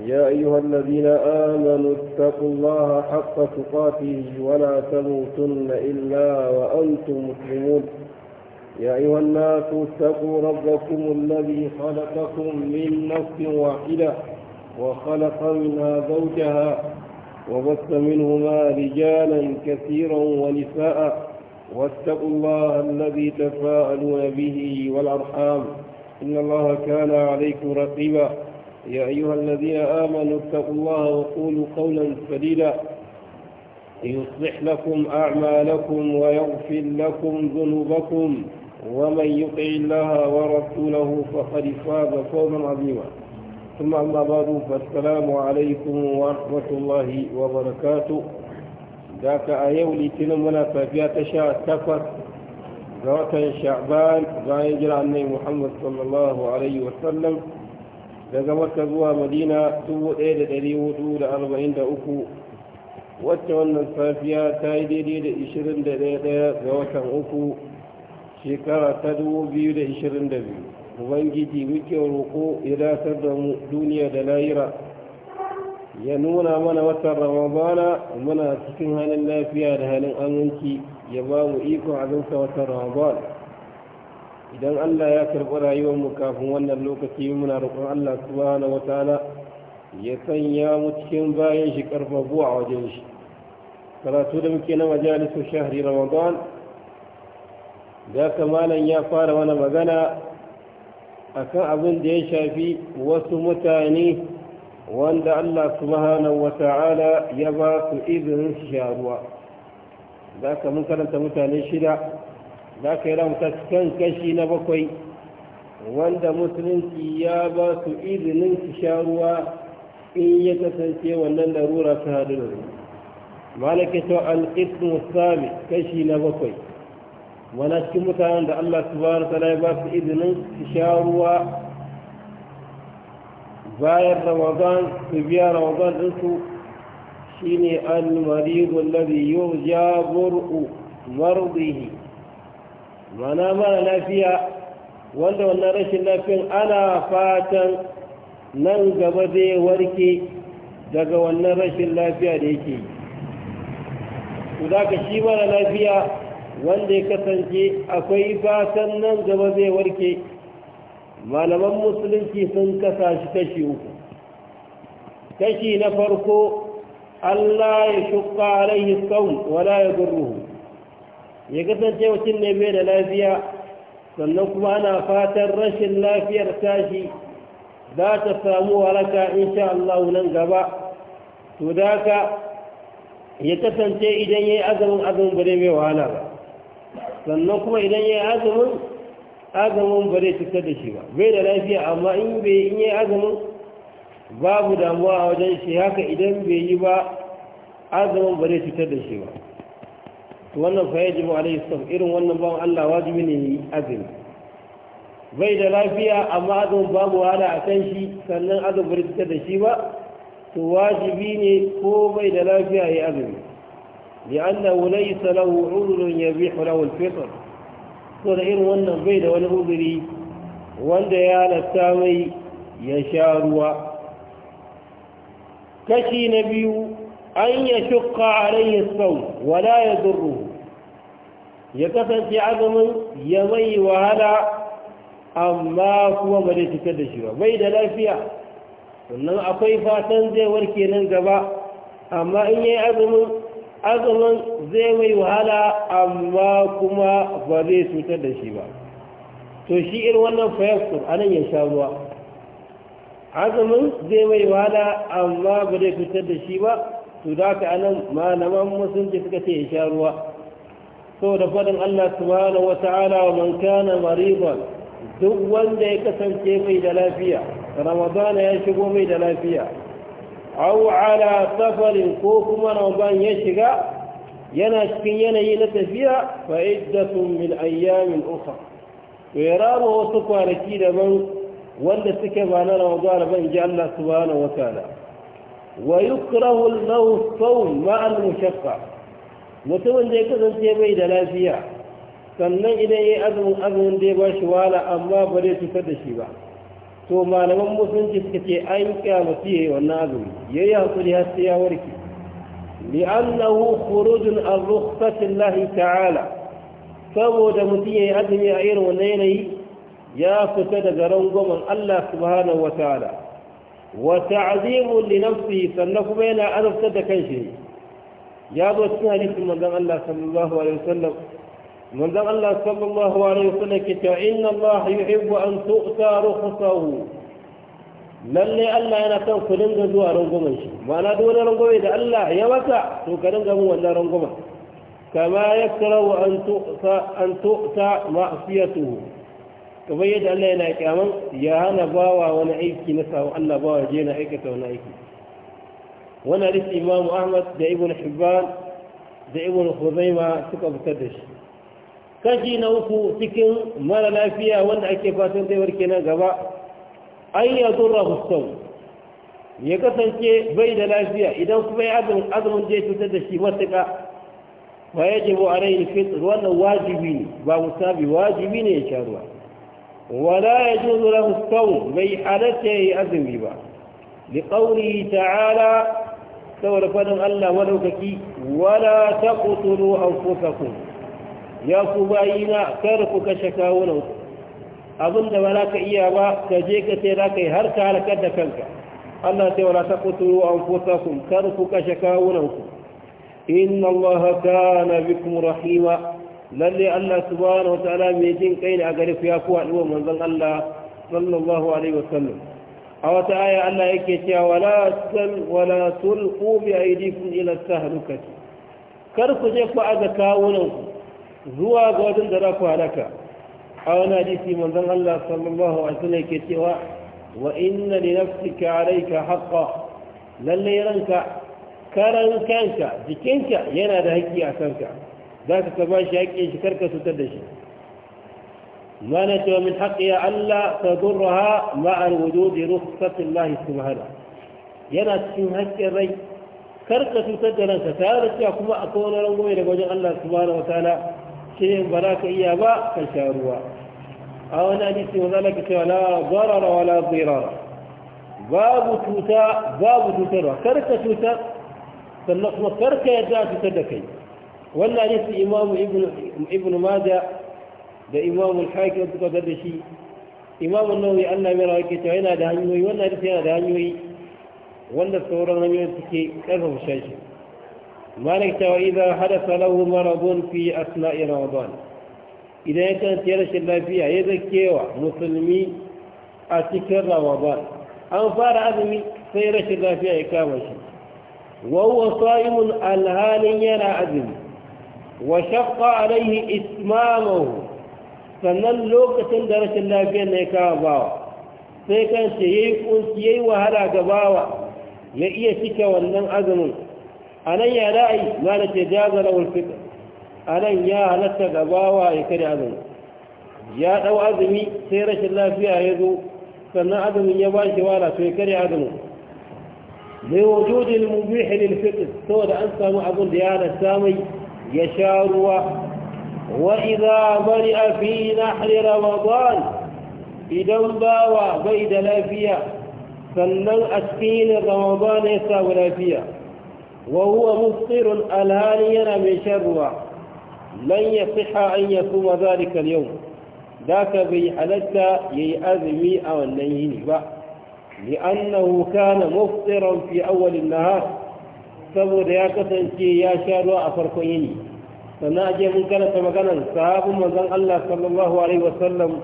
يا أيها الذين آمنوا اتقوا الله حق تقاته ولا تموتن إلا وأنتم مسلمون يا أيها الناس اتقوا ربكم الذي خلقكم من نفس واحدة وخلق منها زوجها وبث منهما رجالا كثيرا ونساء واتقوا الله الذي تفاءلون به والأرحام إن الله كان عليكم رقيبا يا أيها الذين آمنوا اتقوا الله وقولوا قولا سديدا يصلح لكم أعمالكم ويغفر لكم ذنوبكم ومن يطع الله ورسوله فقد فاز فوزا عظيما ثم أما بعد فالسلام عليكم ورحمة الله وبركاته ذاك أيو لتنمنا ففي شاء تفت ذات شعبان ذا يجرى محمد صلى الله عليه وسلم daga makka zuwa madina 1443 wacce wannan safiya ta yi daidai da 21 ga watan uku shekara ta 2022 ubangiji muke roƙo ya dasar da mu duniya da layira. ya nuna mana watan ramadana muna cikin halin lafiya da halin aminci ya ba mu ikon azunsa watan ramadana idan Allah ya karɓi rayuwar mu kafin wannan lokaci muna roƙon Allah subhanahu wataala ya sanya mu cikin bayan shi karfafu a wajen shi karatu da muke na majalisu shahri ramadan da kamalan ya fara wani magana akan abin da ya shafi wasu mutane wanda Allah subhanahu wata'ala ya ba su izinin sharuwa za ka mun karanta mutane shida za ka yi ramta kan kashi na bakwai wanda musulunci ya ba su izinin su sha ruwa in ya kasance wannan larura ta hadu da ruwa malaka ta alƙismu sami kashi na bakwai wani cikin mutanen da allah subhanahu ta ya ba su izinin su sha ruwa bayan ramadan su biya ramadan ɗinsu shine al-maridu alladhi yurja bur'u mana mara lafiya wanda wannan rashin lafiyan ana fatan nan gaba zai warke daga wannan rashin lafiya da yake yi za ka shi mara lafiya wanda ya kasance akwai fatan nan gaba zai warke malaman musulunci sun kasa shi kashi uku kashi na farko allah ya shuka alaihi wala ya gurruhu ya kasance mutum ne bai da lafiya sannan kuma ana fatan rashin lafiyar tashi za ta samu waraka insha Allah nan gaba to da haka ya kasance idan ya yi azumin azumin ba mai wahala ba sannan kuma idan ya yi azumin azumin ba cuta cutar da shi ba bai da lafiya amma in bai in yi azumin babu damuwa a wajen shi haka idan bai yi ba azumin ba cuta cutar da shi ba wannan fa yajibu alaihi sallam irin wannan bawan Allah wajibi ne azumi bai da lafiya amma azumin babu wahala a kan shi sannan azumin bai da shi ba to wajibi ne ko bai da lafiya ya azumi لأنه ليس له عذر يبيح له الفطر so da irin wannan bai da wani uzuri wanda ya halatta mai ya sha ruwa kashi na biyu an ya shukka a rayin sau wala ya ya kasance azumin ya mai wahala amma kuma ba zai cutar da shi ba bai da lafiya sannan akwai fatan zai warke nan gaba amma in yi azumin azumin zai mai wahala amma kuma ba zai cutar da shi ba to shi irin wannan a nan ya sha ruwa azumin zai mai wahala amma ba zai cutar da shi ba to da ka anan malaman musulunci suka ce ya sha ruwa saboda faɗin Allah subhanahu wa ta'ala wa man kana mariban duk wanda ya kasance mai da lafiya ramadana ya shigo mai da lafiya aw ala safarin ko kuma ramadan ya shiga yana cikin yanayi na tafiya fa iddatun min ayyamin ukhra to ya rama wasu kwanaki daban wanda suke ba na ramadan ban ji Allah subhanahu wa ta'ala wa yukrahu lahu sawm ma'a al-mushaqqa mutumin da ya kasance bai da lafiya sannan idan ya azumin azumin da ya ba shi wala amma ba zai cutar da shi ba to malaman musulunci suka ce an kyamata ya yi wannan azumi ya yi hakuri har sai ya warke li'annahu khurujun an rukhsatillahi ta'ala saboda mutum ya yi azumi a irin wannan yanayi ya fita daga rangwamen Allah subhanahu wa ta'ala wa ta'zimu li sannan kuma yana azabtar da kanshi ya zo cikin hadisin manzon Allah sallallahu alaihi wasallam manzon Allah sallallahu alaihi wasallam ke cewa inna Allah yuhibbu an tu'ta rukhsahu lalle Allah yana son ku dinga zuwa rangwamen shi ma'ana duk wani rangwame da Allah ya maka to ka dinga mun wannan rangwamen kama yakrahu an tu'ta an tu'ta ma'siyatuhu kamar yadda Allah yana kyaman ya hana bawa wani aiki na sawo Allah bawa je na aikata wani aiki wani hadisi imamu ahmad da ibn hibban da ibn huzaima suka fitar da shi kashi na uku cikin mara lafiya wanda ake fatan zai na gaba an yi azurra ya kasance bai da lafiya idan kuma ya azumin zai cutar da shi matuƙa ba ya jibo a rai fitr wannan wajibi ne ba musabi wajibi ne ya sha ruwa wala ya ji zura bai halatta ya yi azumi ba liƙauri ta'ala saboda fadin Allah madaukaki wala taqtulu anfusakum ya ku bayina kar ku kashe na ku abinda ba za ka iya ba ka je ka ce za ka yi har ka halakar da kanka Allah ce wala taqtulu anfusakum kar ku kashe na ku inna Allah kana bikum rahima lalle Allah subhanahu wa ta'ala mai jin kai ne a gare ku ya ku haɗuwa manzon Allah sallallahu alaihi wasallam a wata aya Allah yake cewa wala sal wala tulqu bi aydikum ila tahlukati kar ku je ku aga kawunan ku zuwa ga wajen da za ku halaka a wani hadisi manzon Allah sallallahu alaihi wasallam yake cewa wa inna li nafsika alayka haqqan lalle ranka karan kanka jikinka yana da haƙƙi a kanka za ka ba shi haƙƙin shi karka sutar da shi ما نجوى من حقها ألا تضرها مع الوجود رخصة الله سبحانه ينا تشين حق الري كركة تتجرى ستارة كما أكون رنقوي لقوجة الله سبحانه وتعالى شيء براك إيابا كشاروا أو نادي وذلك لا ضرر ولا ضرار باب توتا باب توتر كركة توتا sannan kuma karka yadda a fitar da kai wannan hadisi imamu ibnu mada da imamul hakim suka zar da shi Imamun nawawi Allah mai rawaki cewa yana da hanyoyi wannan hadisi yana da hanyoyi wanda sauran hanyoyin suke karfafa shashi malik cewa idan hada lahu maradun fi asna'i ramadan idan ya kan tiyar shi lafiya ya zakewa musulmi a cikin ramadan an fara azumi sai rashin lafiya ya kama shi وهو صائم الهال ينا عزم وشق عليه إتمامه sannan lokacin da rashin lafiyar ne kawo bawa sai kansa ya yi wahala ga bawa ya iya cika wannan azumin a nan ya ra'ayi ma da ce jaza a nan ya halatta ga bawa ya kare azumi ya ɗau azumi sai rashin lafiya ya zo sannan azumin ya ba shi wala sai kare azumin mai wujudin mubihinin fitar saboda an samu abin da ya halatta mai ya sha ruwa وإذا ضرئ في نحر رمضان في دنباوة بيد الأفية فلن أسكين رمضان يساو الأفية وهو مفطر الهانيا من شبوة لن يصح أن يصوم ذلك اليوم ذاك بيحلت يأذمي أو النينبا لأنه كان مفطرا في أول النهار سبو رياكة يا شارو أفرقيني sannan ake mun karanta maganar sahabin manzon Allah sallallahu alaihi wasallam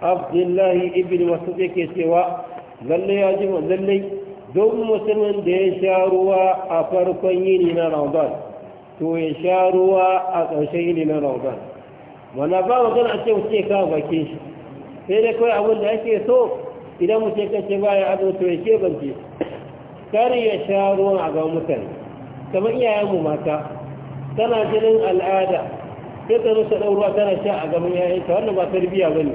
Abdullahi ibn Mas'ud yake cewa lalle ya ji lalle don musulman da ya sha ruwa a farkon yini na Ramadan to ya sha ruwa a ƙarshen yini na Ramadan mana ba magana a ce wuce ka bakin shi sai dai kawai abin da ake so idan ce kace ba baya ado to ya ke bance kar ya sha ruwan a ga mutane kamar iyayenmu mata tana jinin al'ada sai ta rusa ɗauruwa tana sha a gaban ‘ya'yanta wannan ba tarbiya ba ne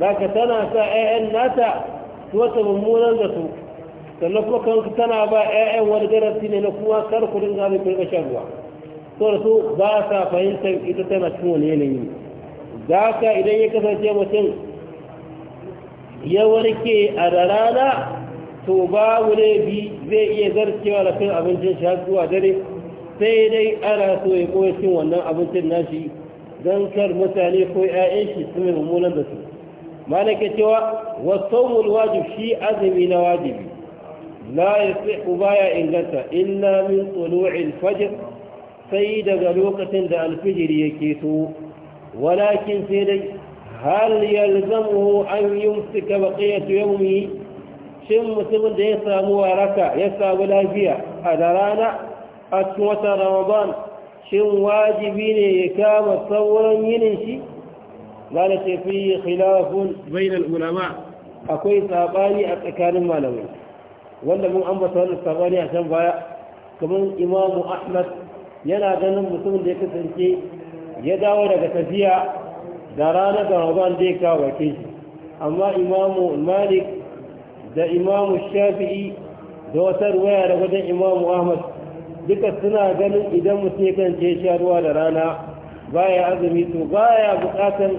ba ka tana sa ‘ya'yan nata su wata mummunan da su sannan kuma kan tana ba ‘ya'yan wani darasi ne na kuma kar ku dinga zai shan ruwa to da su ba sa fahimtar ita tana cikin wani yanayi za ka idan ya kasance mutum ya warke a da rana to ba wule bi zai iya zarcewa da kan abincin shi har zuwa dare sai dai ana so ya koya cin wannan abincin nashi don kar mutane ko 'ya'yan shi su mai mummunan da su malaka cewa wasaumul wajib shi azumi na wajibi la yasihu baya inganta illa min tulu'il fajr sai daga lokacin da alfijiri yake so walakin sai dai hal yalzamu an yumsika baqiyatu yawmi shin mutumin da ya samu waraka ya samu lafiya a da rana a cikin watan ramadan shin wajibi ne ya kama sauran yinin shi ba da tafiye khilafun bainal ulama akwai sabani a tsakanin malamai wanda mun ambata wannan sabani a can baya kamar imamu ahmad yana ganin mutumin da ya kasance ya dawo daga tafiya da ranar da ramadan zai kawo bakin shi amma imamu malik da imamu shafi'i da wata ruwaya da wajen imamu ahmad duka suna ganin idan mutum ya kan ce ruwa da rana baya azumi to baya bukatar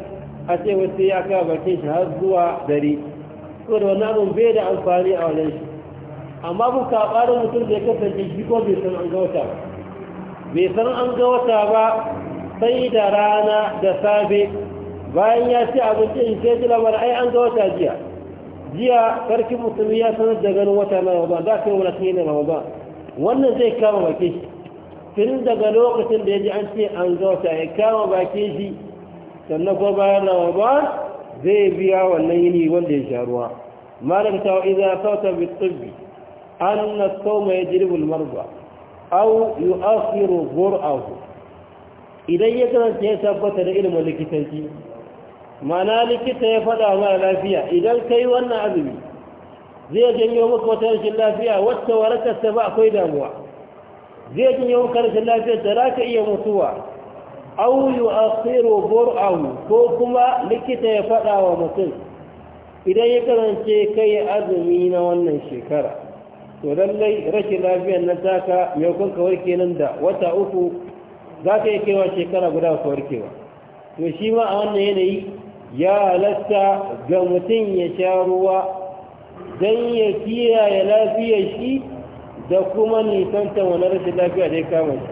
a ce wasu ya kawo bakin shi har zuwa dare saboda wani abin bai da amfani a wajen shi amma bu kaɓarin mutum da ya kasance shi ko bai san an ga wata ba bai san an ga wata ba sai da rana da safe bayan ya ci abinci in sai ji mana ai an ga wata jiya jiya sarki musulmi ya sanar da ganin wata na ramadan za ka yi wani na ramadan wannan zai kama bakin shi tun daga lokacin da ya ji an ce an zauta ya kama bakin shi sannan ko bayan ba zai biya wannan yini wanda ya sha ruwa malam ta wa idza sauta bi tibbi anna sawma yajribu al marba aw yu'akhiru ghur'ahu idan ya kasance ya tabbata da ilimin likitanci ma'ana likita ya faɗa mara lafiya idan kai wannan azumi zai janyo muku wata rashin lafiya wacce ta ba akwai damuwa zai janyo maka rashin lafiya da za ka iya mutuwa au yi asiru bur'ahu ko kuma likita ya faɗa wa mutum idan ya karance kai azumi na wannan shekara to lallai rashin lafiyar na taka mai kun warke nan da wata uku za ka yi kewa shekara guda ka warkewa to shi ma a wannan yanayi ya lasta ga mutum ya sha ruwa Dan ya kiyaye lafiyar shi da kuma nisanta wani rashin lafiya da ya kama shi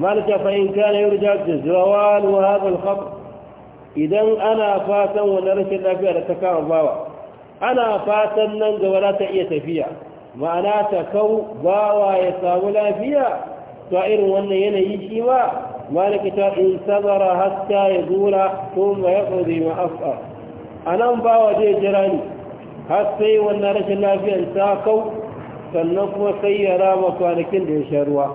malaka fa'in kana yau da zawalu hadal idan ana fatan wani rashin lafiya da ta kama bawa ana fatan nan gaba za ta iya tafiya ma'ana ta kau bawa ya samu lafiya ta irin wannan yanayi shi ma malaka ta in sabara hatta ya zura kuma ya ƙudi ma'afa a nan bawa zai jira ne har sai wannan rashin lafiyar ta kau sannan kuma sai ya rama kwanakin da ya sha ruwa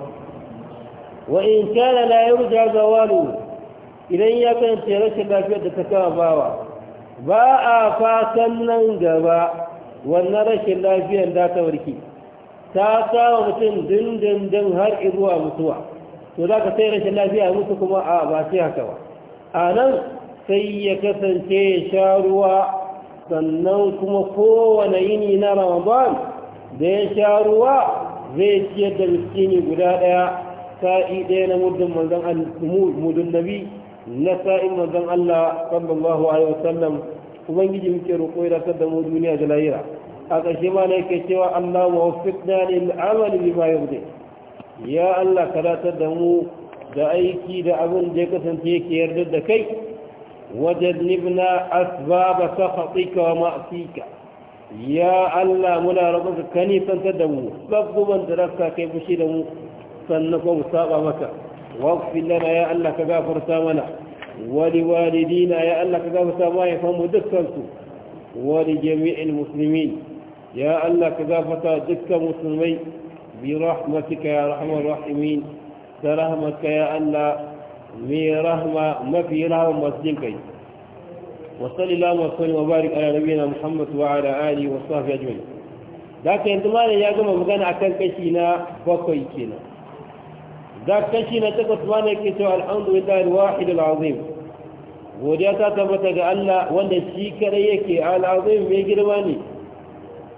wa in kana la yurja zawalu idan ya kanta rashin lafiyar da ta kama bawa ba a fatan nan gaba wannan rashin lafiyar da ta warki ta kama mutum dindindin har zuwa mutuwa to za ka sai rashin lafiya mutu kuma a ba sai haka ba a nan sai ya kasance ya sha ruwa sannan kuma kowane yini na ramadan da ya sha ruwa zai ciyar da miskini guda ɗaya sa'i ɗaya na muddin manzan mudun nabi na sa'in manzan Allah sallallahu alaihi wasallam ubangiji muke roƙo ya rasar da mu duniya da lahira a ƙarshe ma na yake cewa Allah wa ne lil amali bima yurdi ya Allah ka da mu da aiki da abin da ya kasance yake yardar da kai wajadnibna asbaba sakhatika wa ma'sika ya allah muna roƙonka ka nisanta da mu babban da rasa kai fushi da mu sannan ko mu saba maka waqfil lana ya allah ka gafarta mana wali walidina ya allah ka gafarta mana ya famu dukkan su wali jami'il muslimin ya allah ka gafarta dukkan musulmai bi rahmatika ya rahmar rahimin da rahmatka ya allah mai rahama mafi rahama masu jin kai wasalli lamar sani wa barik ala rabi na Muhammadu wa ala wasu wa safi ajiyar za ka yanzu malam ya gama magana akan kashi na bakwai kenan za ka kashi na takwas malam yake cewa alhamdulillah wa al-azim godiya ta tabbata ga Allah wanda shi kare yake al mai girma ne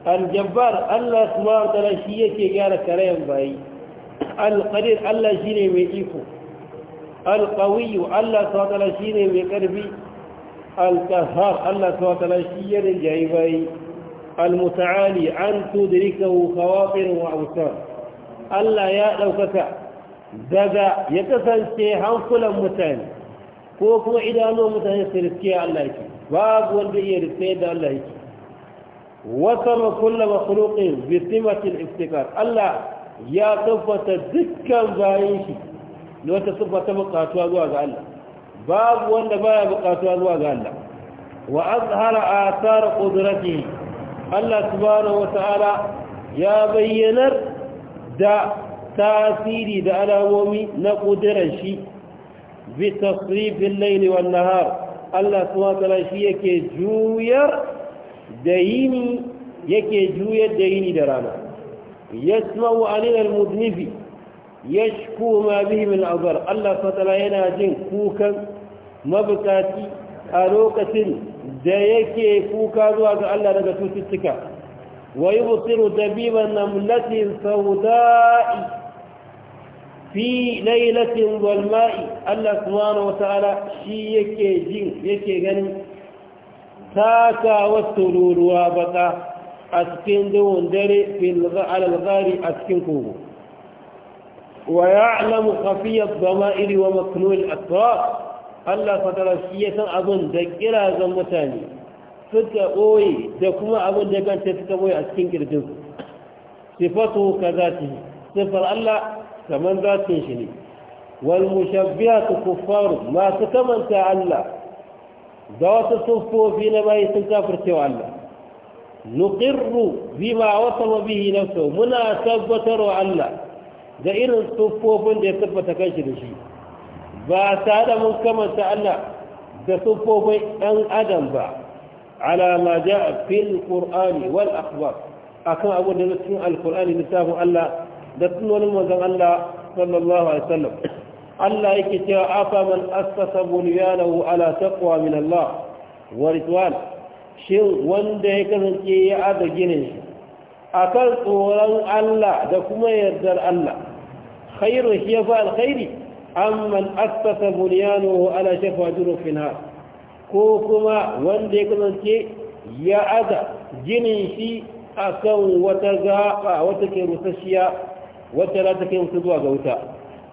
Aljabbar Allah su wa shi yake gyara karayan bayi al Allah shi ne mai iko alƙawiyu Allah swatala shi ne mai ƙarfi alƙahar Allah swatala shi ya rinjaye bayi almuta'ali an tudrikahu khawafir wa awsar Allah ya ɗaukata. daga ya kasance hankulan mutane ko kuma idanun mutane su riske Allah yake babu wanda iya riske da Allah yake وصل كل مخلوق بسمة Allah ya يا dukkan bayan shi. da wata siffa ta buƙatuwa zuwa ga Allah babu wanda baya buƙatuwa zuwa ga Allah wa azhara athar qudratihi Allah subhanahu wata'ala ya bayyanar da tasiri da alamomi na kudiran shi bi tasrifin laili wan nahar Allah subhanahu wata'ala shi yake juyar da yini yake juyar da yini da rana yasma'u alil mudnifi yashku ma bihi min Allah fatala yana jin kukan mabukaci a lokacin da yake kuka zuwa ga Allah daga cututtuka wa yubsiru dabiban namlatin sawda'i fi lailatin walma'i Allah subhanahu wataala shi yake jin yake ganin taka wasu ruruwa baka a cikin duhun dare fil alal a cikin kogo ويعلم خفي الضمائر ومكنون الأسرار Allah fatara shi ya san abin da kirazan mutane suka ɓoye da kuma abin da ganta suka ɓoye a cikin su. sifatu ka za ta yi sifar Allah kamar za shi ne wal ta kuffaru masu kamanta Allah da wasu siffofi na bayi sun kafircewa Allah nuqirru bima wasama bihi nafsuhu muna tabbatarwa Allah da irin siffofin da ya kai kanshi da shi ba ta da mun kamanta Allah da siffofin ɗan adam ba ala ma ja'a fil qur'ani wal akhbar akan abin da cikin alqur'ani littafin Allah da sunan manzon Allah sallallahu alaihi wasallam Allah yake cewa afa man asasa, bunyanahu ala taqwa min Allah wa ridwan shin wanda ya kasance ya ada ginin shi akan tsoron Allah da kuma yardar Allah khairu hiya fa alkhairi amman asasa bunyanu ala shafa jurufin ha ko kuma wanda ya kasance ya aza ginin shi akan wata gaba wata ke musasshiya wata za ta kai musu zuwa ga wuta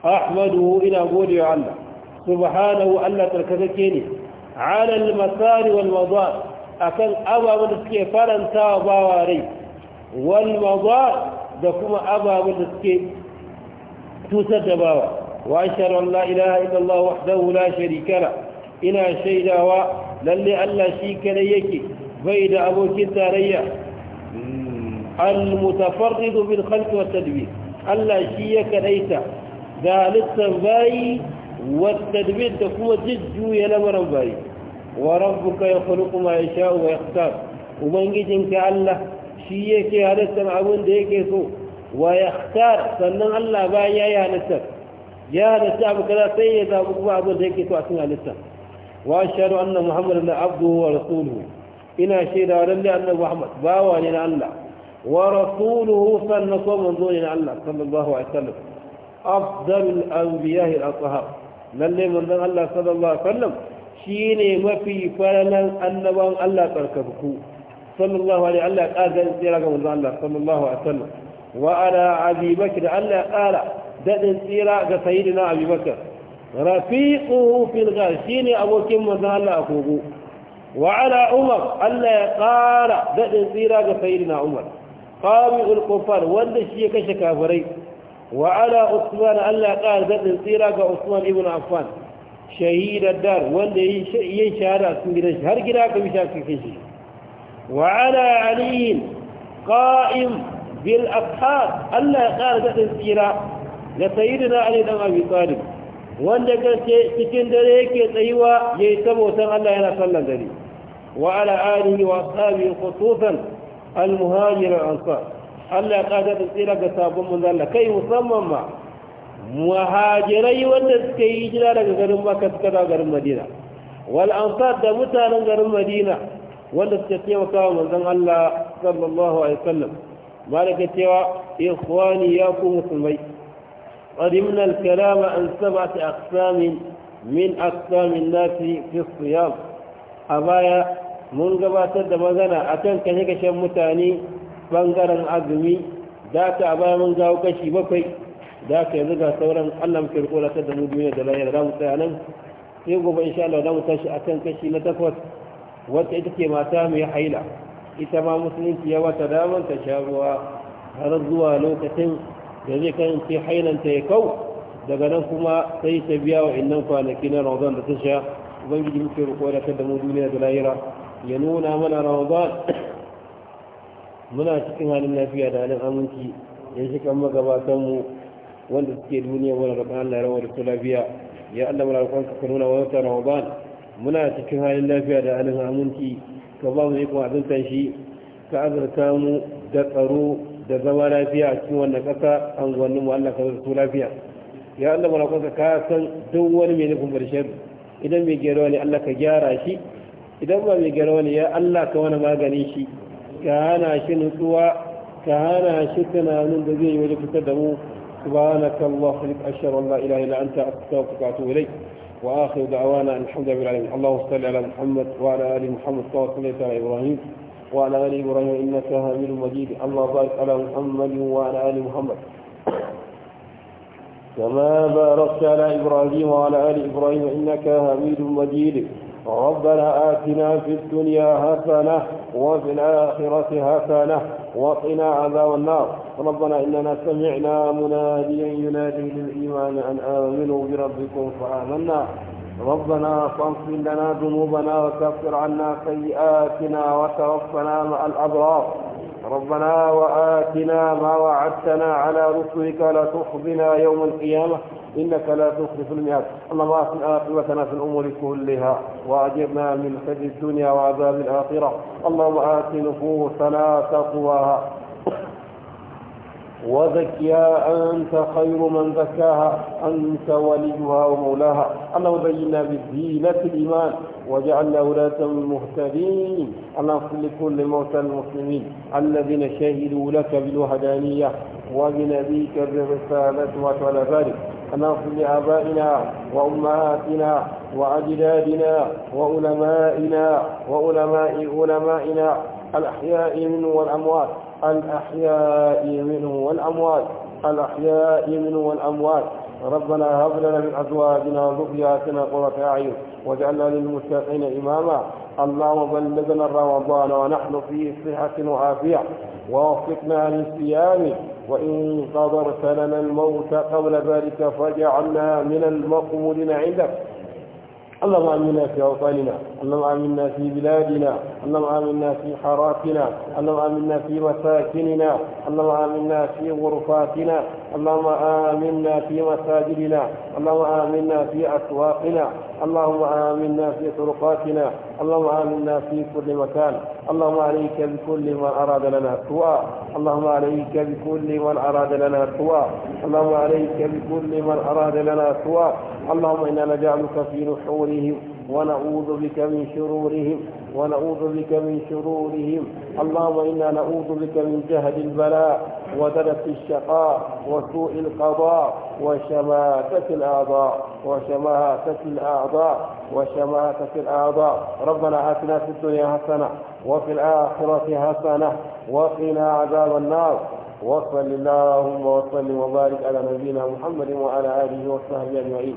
ahmadu ina gode wa Allah subhanahu Allah tarkakake ne ala al-masari wal madar akan ababen da suke faranta wa bawa rai wal da kuma ababen da suke tusar da bawa wa ashhadu an ilaha illallah wahdahu la sharika la ina shaidawa lalle Allah shi kare yake bai da abokin tarayya al mutafarrid bil khalq wa tadbir Allah shi ya kadaita da halittar bayi kuma تكون جدو يلمر باي وربك يخلق ya يشاء ويختار ومن جنك Allah. shi yake halittar abin da yake so wa yakhtar sannan Allah ba ya yi halittar ya halitta abu kaza sai ya zaɓi kuma abin da yake so a cikin halittar. wa shaɗu anna Muhammad da abduhu wa rasuluhu ina shaida wa lalle annabi muhammad bawa ne na Allah wa rasuluhu sannan ko manzo ne na Allah sallallahu alaihi wasallam afdalul anbiya'i al-athhar lalle manzon Allah sallallahu alaihi wasallam shine mafi falalan annaban Allah tsarkaku sallallahu alaihi Allah wa ala Allah ya ƙara daɗin tsira ga sayyidina abi bakr rafiquhu fil ghar shine abokin manzon Allah a kogo wa umar Allah ya ƙara daɗin tsira ga sayyidina umar qabi'ul kufar wanda shi ya kashe kafirai wa ala usman Allah ya ƙara daɗin tsira ga usman ibn affan shahidar dar wanda yin shahada sun gidan shi har gida ka bisha shi وعلى علي قائم بالأبحاث ألا قال ذات السيرة لسيدنا Ali بن أبي طالب wanda cikin dare yake tsayuwa ya yi sabotan Allah yana sallan dare wa ala alihi wa ashabi khususan al Allah ya kada da tsira ga sabon manzo Allah kai musamman ma Mahajirai wanda suka yi hijira daga garin Makka suka dawo garin Madina wal da mutanen garin Madina wanda suka taimaka wa manzon Allah sallallahu alaihi wasallam malaka cewa ikhwani ya ku musulmai qadimna al-kalama an sab'ati aqsam min aqsam an-nas fi as-siyam abaya mun gabatar da magana akan kashe kashe mutane bangaren azumi da a abaya mun gawo kashi bakwai da ka yanzu ga sauran Allah muke riko da mu duniya da lahira da mu tsaya nan sai gobe insha Allah da mu tashi akan kashi na takwas wata ita ce mata mai haila ita ma musulunci ya wata damar ta sha ruwa har zuwa lokacin da zai kasance hailanta ya kau daga nan kuma sai ta biya wa innan kwanaki na ramadan da ta sha ubangiji muke roƙo da kada mu duniya da lahira ya nuna mana ramadan muna cikin halin lafiya da halin aminci ya shi kan mu wanda suke duniya wani rabin allah ya rawar da lafiya ya allah mana roƙon ka nuna ta ramadan muna cikin halin lafiya da halin aminci ka ba mu ikon azurta shi ka azurta mu da tsaro da zama lafiya a cikin wannan ƙasa an gwanin mu Allah ka zartu lafiya ya Allah mana kwanka ka san duk wani mai nufin barshen idan mai gyara wani Allah ka gyara shi idan ba mai gyara wani ya Allah ka wani magani shi ka hana shi nutsuwa ka hana shi tunanin da zai yi wajen fitar da mu subhanaka allahumma ashhadu an la ilaha illa anta astaghfiruka wa atubu ilayk وآخر دعوانا أن الحمد لله رب العالمين اللهم صل على محمد وعلى آل محمد الله عليه على إبراهيم وعلى آل إبراهيم إنك حميد مجيد اللهم بارك على محمد وعلى آل محمد كما باركت على إبراهيم وعلى آل إبراهيم إنك حميد مجيد ربنا آتنا في الدنيا حسنة وفي الآخرة حسنة وقنا عذاب النار ربنا إننا سمعنا مناديا ينادي للإيمان أن آمنوا بربكم فآمنا ربنا فاغفر لنا ذنوبنا وكفر عنا سيئاتنا وتوفنا مع الأبرار ربنا وآتنا ما وعدتنا على رسلك لا تخزنا يوم القيامة إنك لا تخلف الميعاد اللهم في الآخرة في الأمور كلها وأجرنا من خزي الدنيا وعذاب الآخرة اللهم آت نفوسنا تقواها وزكيا أنت خير من زكاها أنت وليها ومولاها اللهم بينا بزينة الإيمان وجعلنا ولاة مهتدين اللهم اغفر لكل موتى المسلمين الذين شهدوا لك بالوحدانية وبنبيك بالرسالة وعلى ذلك كما هم لآبائنا وأمهاتنا وأجدادنا وعلمائنا وعلماء علمائنا الأحياء منه والأموات الأحياء منه والأموات الأحياء منه والأموات ربنا هب لنا من أزواجنا وذرياتنا قرة أعين واجعلنا للمتقين إماما اللهم بلغنا رمضان ونحن في صحة وعافية ووفقنا للصيام وإن قدرت لنا الموت قبل ذلك فاجعلنا من المقبولين عندك اللهم امنا في اوطاننا اللهم آمنا في بلادنا اللهم آمنا في حاراتنا اللهم آمنا في مساكننا اللهم آمنا في غرفاتنا اللهم آمنا في مساجدنا اللهم آمنا في أسواقنا اللهم آمنا في طرقاتنا اللهم آمنا في كل مكان اللهم عليك بكل من أراد لنا سوءا اللهم عليك بكل من أراد لنا سوءا اللهم عليك بكل من أراد لنا سوءا اللهم إنا نجعلك في نحورهم ونعوذ بك من شرورهم ونعوذ بك من شرورهم اللهم إنا نعوذ بك من جهد البلاء ودرك الشقاء وسوء القضاء وشماتة الأعضاء وشماتة الأعضاء وشماتة الأعضاء ربنا آتنا في الدنيا حسنة وفي الآخرة حسنة وقنا عذاب النار وصل اللهم وسلم وبارك على نبينا محمد وعلى آله وصحبه أجمعين